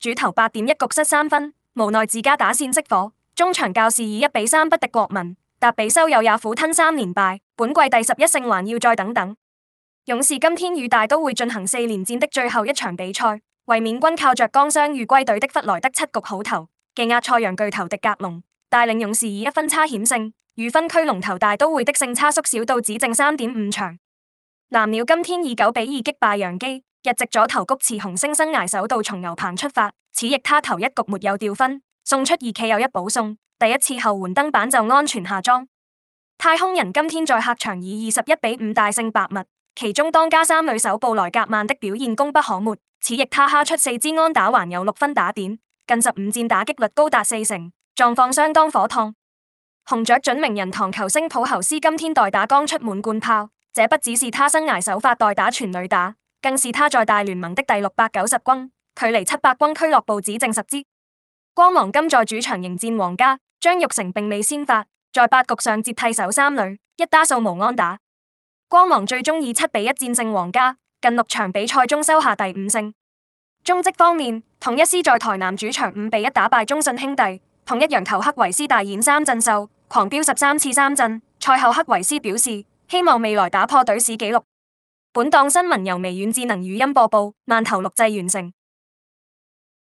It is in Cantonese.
主頭八點一局失三分，無奈自家打線熄火，中場教士以一比三不敵國民，達比修有也苦吞三連敗，本季第十一勝還要再等等。勇士今天與大都會進行四連戰的最後一場比賽，衛冕軍靠着傷愈歸隊的弗萊德七局好投，競壓賽揚巨頭迪格隆，帶領勇士以一分差險勝，與分區龍頭大都會的勝差縮小到只剩三點五場。藍鳥今天以九比二擊敗洋基。日籍左投菊池雄星生涯首度從牛棚出發，此役他頭一局沒有掉分，送出二 K 又一保送，第一次後援登板就安全下莊。太空人今天在客場以二十一比五大勝白襪，其中當家三壘手布萊格曼的表現功不可沒，此役他敲出四支安打，還有六分打點，近十五戰打擊率高達四成，狀況相當火燙。紅雀準名人堂球星普侯斯今天代打扛出滿貫炮，這不只是他生涯首發代打全壘打。更是他在大聯盟的第六百九十轟，距離七百轟俱樂部只剩十支。光芒今在主場迎戰皇家，張玉成並未先發，在八局上接替守三壘，一打數無安打。光芒最終以七比一戰勝皇家，近六場比賽中收下第五勝。中職方面，統一獅在台南主場五比一打敗中信兄弟，統一洋投克維斯大演三振秀，狂飆十三次三振。賽後克維斯表示，希望未來打破隊史紀錄。本檔新聞由微軟智能語音播報，慢投錄製完成。